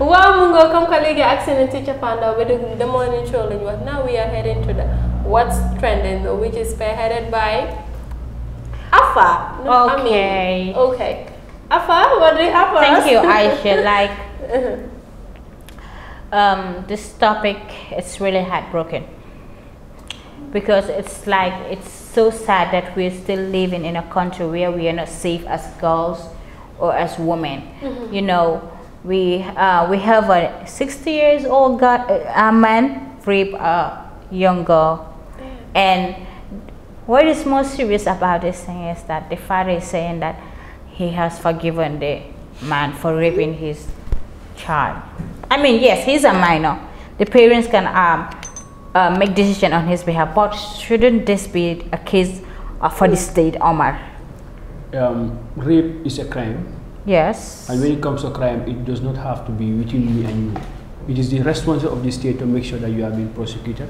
Wow, mu ngoo comme que teacher panda, seen ci cappaandaw the morning show But now we are heading to the what's trending which is spearheaded by Afa no, okay I mean, okay Afa what do you have for thank us? you Aisha like uh-huh. um, this topic is really heartbroken because it's like it's so sad that we're still living in a country where we are not safe as girls or as women mm -hmm. you know we uh, we have a 60 years old guy, uh, a man rape a young girl and what is most serious about this thing is that the father is saying that he has forgiven the man for raping his child i mean yes he's a minor the parents can um, uh, make decision on his behalf but shouldn't this be a case for the state omar um, rape is a crime Yes. And when it comes to crime, it does not have to be between me and you. It is the responsibility of the state to make sure that you are being prosecuted.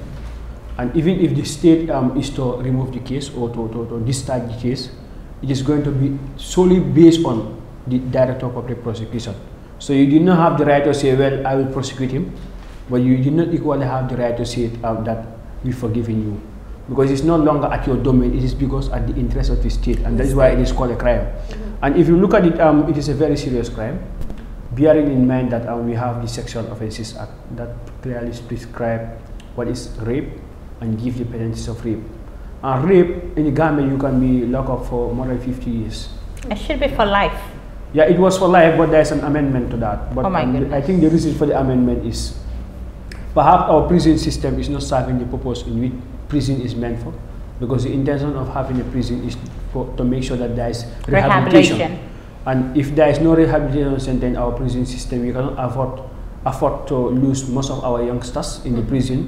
And even if the state um, is to remove the case or to, to, to discharge the case, it is going to be solely based on the director of public prosecution. So you do not have the right to say, well, I will prosecute him, but you do not equally have the right to say um, that we're forgiving you because it's no longer at your domain, it is because at the interest of the state, and that is why it is called a crime. And if you look at it, um, it is a very serious crime, bearing in mind that um, we have the Sexual Offences Act that clearly prescribe what is rape and give the penalties of rape. And rape in Ghana, you can be locked up for more than 50 years. It should be for life. Yeah, it was for life, but there's an amendment to that. But oh um, I think the reason for the amendment is perhaps our prison system is not serving the purpose in which prison is meant for because the intention of having a prison is for, to make sure that there is rehabilitation. rehabilitation. And if there is no rehabilitation, in our prison system, we cannot afford, afford to lose most of our youngsters in mm -hmm. the prison.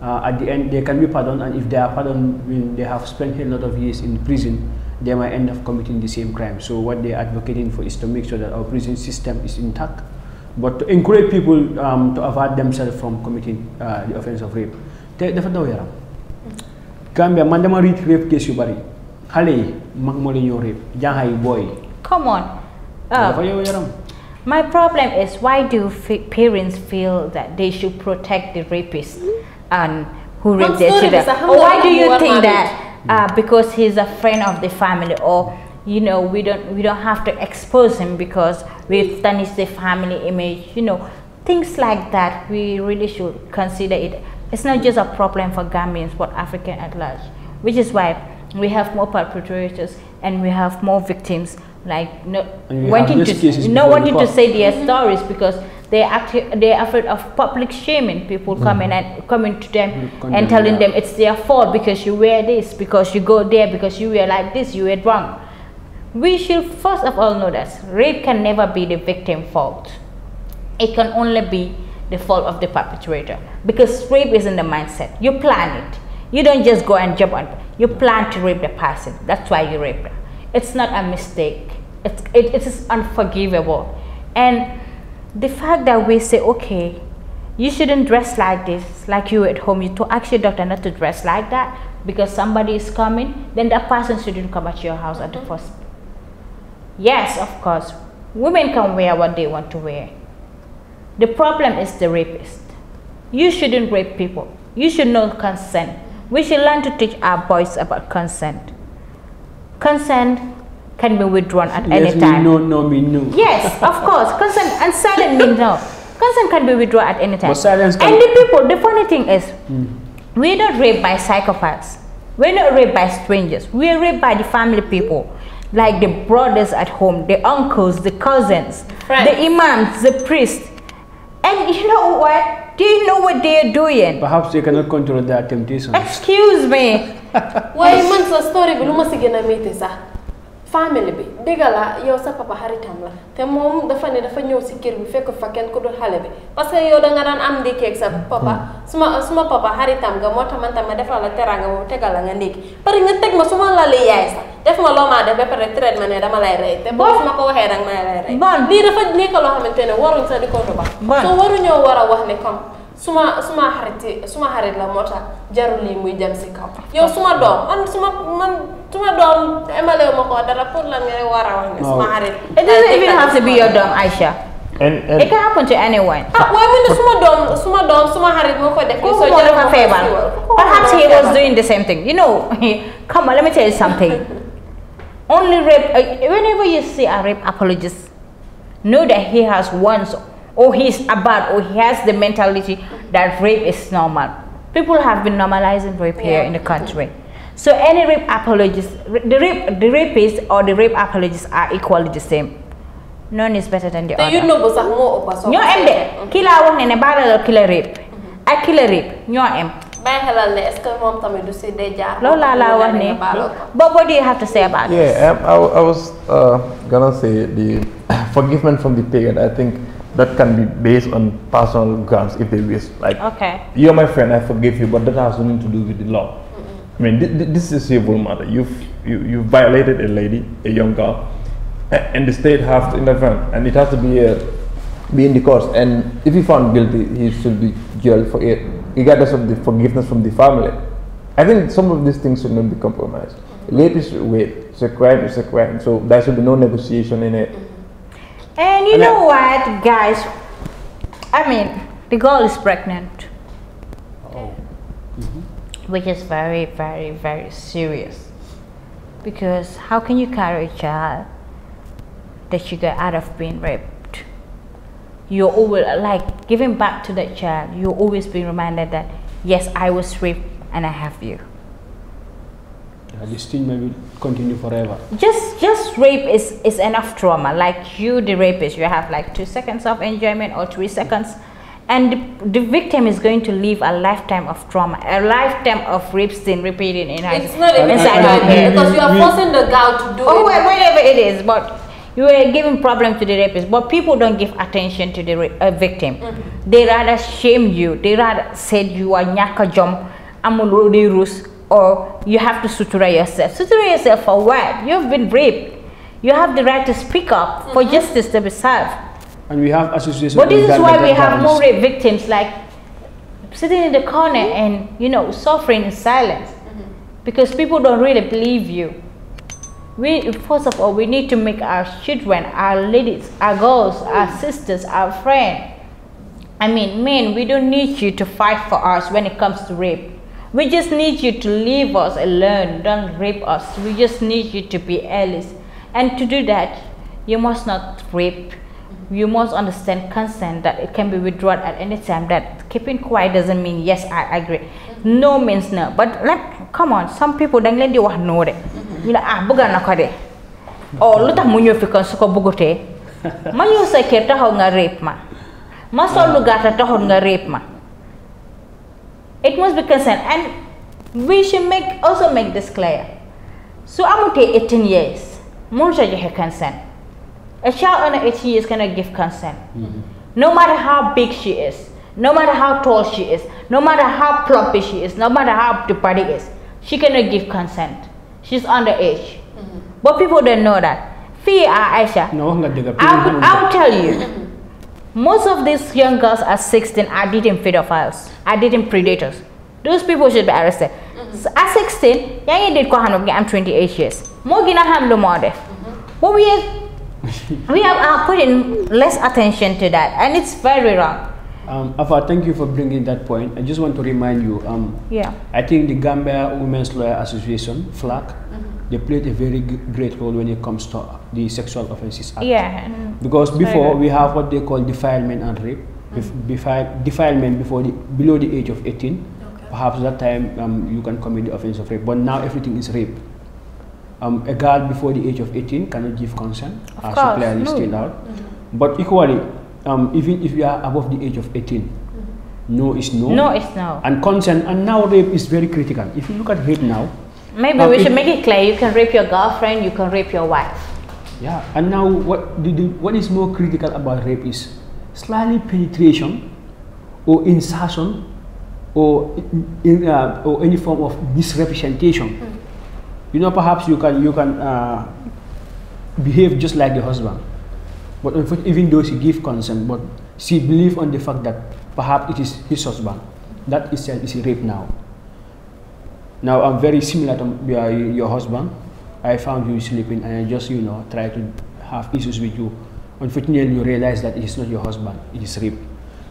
Uh, at the end, they can be pardoned, and if they are pardoned, when they have spent a lot of years in prison, they might end up committing the same crime. So what they're advocating for is to make sure that our prison system is intact, but to encourage people um, to avert themselves from committing uh, the offense of rape. They, Gambia man dama reach rape case yu bari xale mag rape jànxa boy. come on. dafa oh. My problem is why do parents feel that they should protect the rapist and who raped their children? Or why do you think that uh, because he's a friend of the family or you know we don't we don't have to expose him because we've tarnished the family image you know things like that we really should consider it it's not just a problem for Gambians, but Africa at large, which is why we have more perpetrators and we have more victims like no wanting to not wanting to say their mm -hmm. stories because they they're afraid of public shaming people mm -hmm. coming and coming to them mm, and telling them it's their fault because you wear this because you go there because you wear like this you are wrong we should first of all know that rape can never be the victim's fault it can only be the fault of the perpetrator because rape is in the mindset. You plan it. You don't just go and jump on. You plan to rape the person. That's why you rape them. It's not a mistake. It's, it, it is unforgivable. And the fact that we say, okay, you shouldn't dress like this, like you at home. You to your doctor not to dress like that because somebody is coming. Then that person shouldn't come at your house at the mm-hmm. first. Yes, of course. Women can wear what they want to wear the problem is the rapist. You shouldn't rape people. You should know consent. We should learn to teach our boys about consent. Consent can be withdrawn at yes, any time. No, no, me no. Yes, of course. Consent and silent means no. Consent can be withdrawn at any time. But silence and the people, the funny thing is, mm. we're not raped by psychopaths. We're not raped by strangers. We're raped by the family people like the brothers at home, the uncles, the cousins, the imams, the priests. And you know what? Do you know what they are doing? Perhaps they cannot control their temptations. Excuse me. Why man's story? a meeting, sir. famille bi dégg la yow sa papa xaritam la te moom dafa ne dafa ñëw si kër bi fekk fa kenn ku dul xale bi parce que yow da nga daan am ndékki ak sa papa suma suma papa xaritam nga moo tax man defal la teraanga moom tegal la nga ndékki pare nga teg ma su ma lalee yaay sax def ma loo def ba pare traite ma ne dama lay rey te boo ma ko waxee rek ma lay rey. lii dafa nekk loo xamante ne waruñ sax di ko ba. ban soo waruñoo war a wax ne comme. suma suma xarit suma xarit la moo tax jarul lii muy dem si kaw yow suma doom suma man suma doom emale ma ko dara pour lan nga war a wax suma xarit. even have to be doom Aisha. and and it can happen ah, suma doom suma doom suma xarit moo ko def. soo jarul perhaps he was doing the same thing you know come on tell you something only rape uh, whenever you see a rape apologist know that he has once. or he's about or he has the mentality that rape is normal. People have been normalizing rape yeah. here in the country. So any rape apologists, the rape, the rapists or the rape apologists are equally the same. None is better than the so other. You know, but more opposite. You know, killer one a barrel or killer rape. A rape. You know, bàyyi xelal ne est-ce que moom tamit du see dee jaar. No, laa laa wax ne but what do you have to say about this? Yeah, um, I, I was uh, gonna say the forgiveness from the parent, I think that can be based on personal grounds if they wish. Like, okay. you're my friend, I forgive you, but that has nothing to do with the law. Mm -hmm. I mean, th th this is civil matter. You've you, you violated a lady, a young girl, and the state has to intervene, and it has to be a, uh, be in the course. And if he found guilty, he should be jailed for it, regardless of the forgiveness from the family. I think some of these things should not be compromised. Rape is rape. It's a crime. It's a crime. So there should be no negotiation in it. Mm-hmm. And you and know what, guys? I mean, the girl is pregnant. Oh. Mm -hmm. Which is very, very, very serious. Because how can you carry a child that you got out of being raped? You're always like giving back to that child. You're always being reminded that yes, I was raped and I have you this stigma may continue forever. Just just rape is, is enough trauma. Like you, the rapist, you have like two seconds of enjoyment or three seconds. And the, the victim is going to live a lifetime of trauma, a lifetime of rape scene repeating in her. It's not even inside because you are forcing the girl to do oh, it. whatever it is, but you are giving problem to the rapist but people don't give attention to the uh, victim mm -hmm. they rather shame you they rather said you are nyaka jump amulodi rus or you have to suture yourself. Suture yourself for what? You've been raped. You have the right to speak up for mm-hmm. justice to be served. And we have associations. But this is why we have more rape victims like sitting in the corner mm-hmm. and you know suffering in silence mm-hmm. because people don't really believe you. We first of all we need to make our children, our ladies, our girls, our sisters, our friends. I mean, men, we don't need you to fight for us when it comes to rape. We just need you to leave us alone. Don't rape us. We just need you to be allies. And to do that, you must not rape. You must understand consent that it can be withdrawn at any time. That keeping quiet doesn't mean yes, I agree. No means no. But let, come on, some people don't let you know that. You know, ah, bukan ako deh. Oh, lu tak munyofikan suka bugote. Mayu saya kira tahu nggak rape ma. Masa lu gata rape ma. It must be consent and we should make also make this clear. So I'm okay 18 years. Murja you consent. A child under 18 years cannot give consent. Mm -hmm. No matter how big she is, no matter how tall she is, no matter how plumpy she is, no matter how the body is, she cannot give consent. She's underage. Mm -hmm. But people don't know that. Fee Aisha. No, I'm I'll tell you. Mm-hmm. Most of these young girls are 16 are dating pedophiles, are dating predators. Those people should be arrested. Mm -hmm. at 16, yang did ko I'm 28 years. Mo gina ham we we have are uh, putting less attention to that and it's very wrong. Um, Afa, thank you for bringing that point. I just want to remind you. Um, yeah. I think the Gambia Women's Lawyer Association, FLAC, they played a very great role when it comes to the Sexual Offences Act. Yeah. Because it's before we have what they call defilement and rape. Mm. defilement before the, below the age of 18. Okay. Perhaps that time um, you can commit the offense of rape. But now everything is rape. Um, a girl before the age of 18 cannot give consent of as course. a player is still out. Mm -hmm. But equally, um, even if you are above the age of 18, mm-hmm. no it's no. No it's no. And consent, and now rape is very critical. If you look at rape now, Maybe but we should make it clear. You can rape your girlfriend. You can rape your wife. Yeah, and now what? Do, what is more critical about rape is slightly penetration, or insertion, or in, uh, or any form of misrepresentation. Mm. You know, perhaps you can you can uh, behave just like the husband, but even though she give consent, but she believe on the fact that perhaps it is his husband. That itself is rape now. Now I'm very similar to your husband. I found you sleeping and I just, you know, try to have issues with you. Unfortunately, you realize that it's not your husband, it is rape.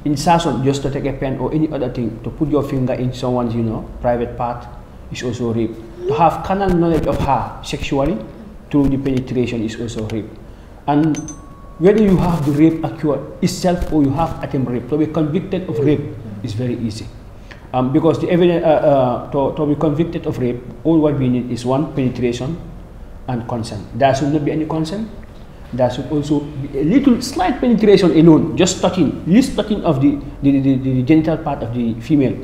In Sasson, just to take a pen or any other thing, to put your finger in someone's, you know, private part is also rape. To have carnal knowledge of her sexually through the penetration is also rape. And whether you have the rape acquired itself or you have attempted rape, to be convicted of rape is very easy. Um, because the evidence uh, uh, to, to, be convicted of rape, all what we need is one penetration and consent. There should not be any consent. There should also be a little slight penetration alone, just touching, least touching of the, the, the, the genital part of the female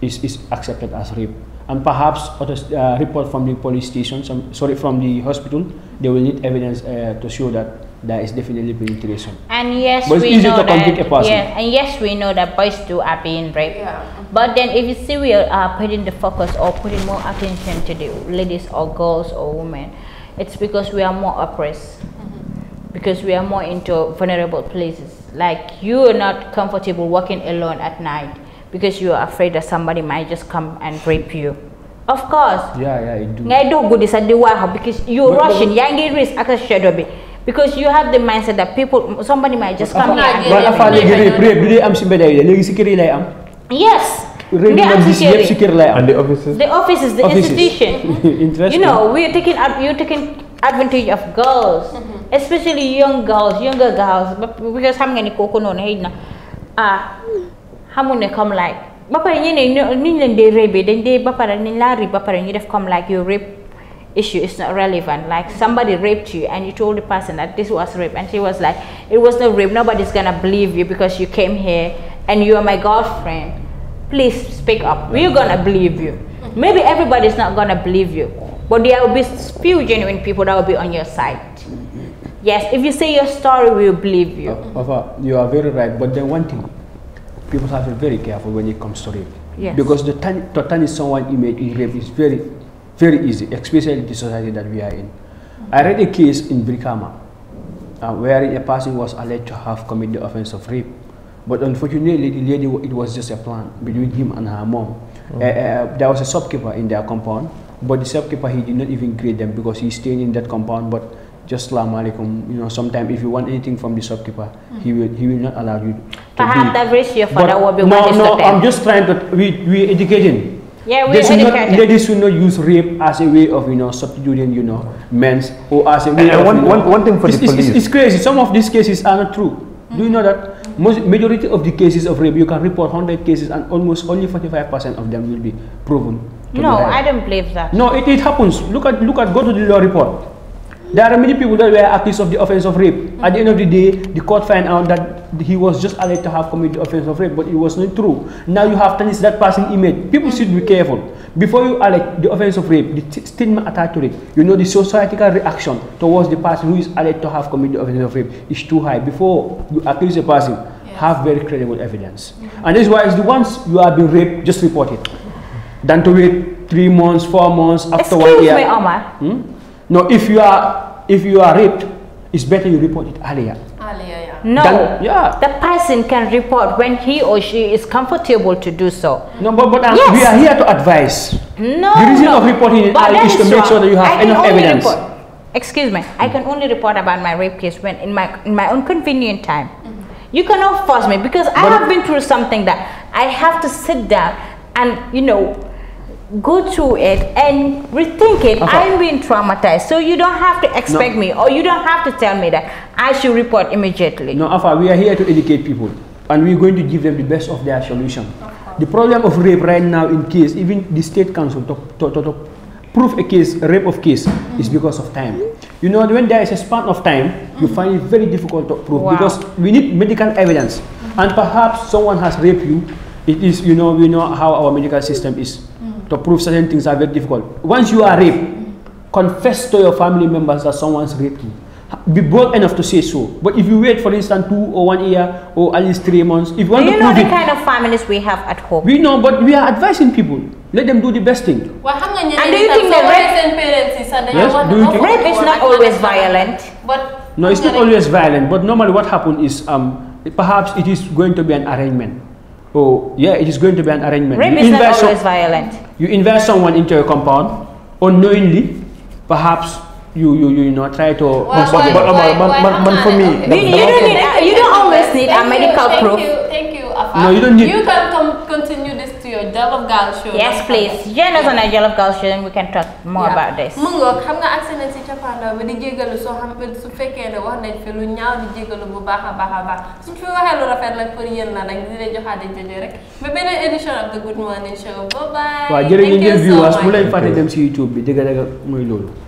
is, is accepted as rape. And perhaps other uh, report from the police station, some, sorry, from the hospital, they will need evidence uh, to show that there is definitely penetration. And yes, but we know that. Yeah, and yes, we know that boys do are being raped. Yeah. But then, if you see, we are uh, putting the focus or putting more attention to the ladies or girls or women. It's because we are more oppressed, mm -hmm. because we are more into vulnerable places. Like you are not comfortable walking alone at night because you are afraid that somebody might just come and rape you. Of course. Yeah, yeah, I do. I do good the a because you're Russian. Yangi risk, I can shadow because you have the mindset that people somebody might just come here and man afaan léegi réeb réeb day am si mbedd yi am yes réeb bi gis yëpp and the offices the offices the institution Interesting. you know we are taking you're taking advantage of girls especially young girls younger girls because xam nga ni kooku noonu xëy na ah how many come like ba you ñeneen niñ leen dee réebee dañ dee ba pare niñ laa réeb ba pare ñu def like you réeb issue it's not relevant like somebody raped you and you told the person that this was rape and she was like it was no rape nobody's gonna believe you because you came here and you are my girlfriend please speak up we're gonna believe you maybe everybody's not gonna believe you but there will be few genuine people that will be on your side yes if you say your story we will believe you uh, Papa, you are very right but then one thing people have to be very careful when it comes to rape yes. because the time to tarnish someone's image in rape is very very easy, especially the society that we are in. I read a case in Brikama uh, where a person was alleged to have committed the offense of rape. But unfortunately, the lady, it was just a plan between him and her mom. Oh. Uh, uh, there was a shopkeeper in their compound, but the shopkeeper, he did not even greet them because he stayed in that compound, but just salam alaikum. You know, sometimes if you want anything from the shopkeeper, mm. he will he will not allow you. To Perhaps the will be no, no. I'm just trying to we we educating. Yeah, we they should not, ladies should not use rape as a way of you know substituting you know men's or as a way. And of, one, you know, one, one thing for it's, the police. It's, it's, crazy. Some of these cases are not true. Mm -hmm. Do you know that most majority of the cases of rape you can report hundred cases and almost only forty five percent of them will be proven. No, I don't believe that. No, it, it happens. Look at look at go to the law report. There are many people that were accused of the offense of rape. Mm -hmm. At the end of the day, the court found out that he was just alleged to have committed the offense of rape, but it was not true. Now you have tarnished that passing image. People should be careful. Before you allege the offense of rape, the stigma attached to it, you know the societal reaction towards the person who is alleged to have committed the offense of rape is too high. Before you accuse a person, yes. have very credible evidence. Mm -hmm. And this is why it's the ones you have been raped, just report it. Than to wait three months, four months, after Excuse one year. Me, Omar. Hmm? No, if you are if you are raped, it's better you report it earlier. Earlier, yeah. No. Than, yeah. The person can report when he or she is comfortable to do so. No, but, but uh, yes. we are here to advise. No. The reason no. of reporting it early is to make sure that you have I enough evidence. Report. Excuse me. I can only report about my rape case when in my in my own convenient time. Mm -hmm. You cannot force me because but I have been through something that I have to sit down and you know go through it and rethink it. Okay. I'm being traumatized. So you don't have to expect no. me or you don't have to tell me that I should report immediately. No, Afa, we are here to educate people and we're going to give them the best of their solution. Okay. The problem of rape right now in case, even the state council talk, talk, talk, talk prove a case, rape of case, mm -hmm. is because of time. You know, when there is a span of time, mm -hmm. you find it very difficult to prove wow. because we need medical evidence. Mm -hmm. And perhaps someone has raped you. It is, you know, we know how our medical system is to prove certain things are very difficult. Once you are raped, confess to your family members that someone's raped you. Be bold enough to say so. But if you wait, for instance, two or one year or at least three months, if you want do you to know the it, kind of families we have at home? We know, but we are advising people. Let them do the best thing. Well, and do you think that rape parents is yes? do you think rape is not always violent? But no, it's not always violent. But normally, what happens is um, perhaps it is going to be an arrangement oh, yeah, it is going to be an arrangement. Rape you is not always violent. You invite someone into your compound, unknowingly, perhaps you you you know try to well, but, why, but, why, why, for me you, you don't need you don't always need thank a medical you, proof thank you thank you no you don't need you can come continue your Jollof Girl show. Yes, please. Join us on our Jollof Girl show and we can talk more yeah. about this. xam nga ak seen si cappaandaw bi di jégalu soo xam su fekkee ne wax nañ fi lu ñaaw di jégalu bu baax a baax a baax suñ fi waxee lu rafet la pour yéen la nag di leen joxaate jojo rek ba beneen édition of the Good Morning Show. bye bye. waaw jërëjëf viewers mu leen fàtte dem si YouTube bi dëgg-dëgg mooy loolu.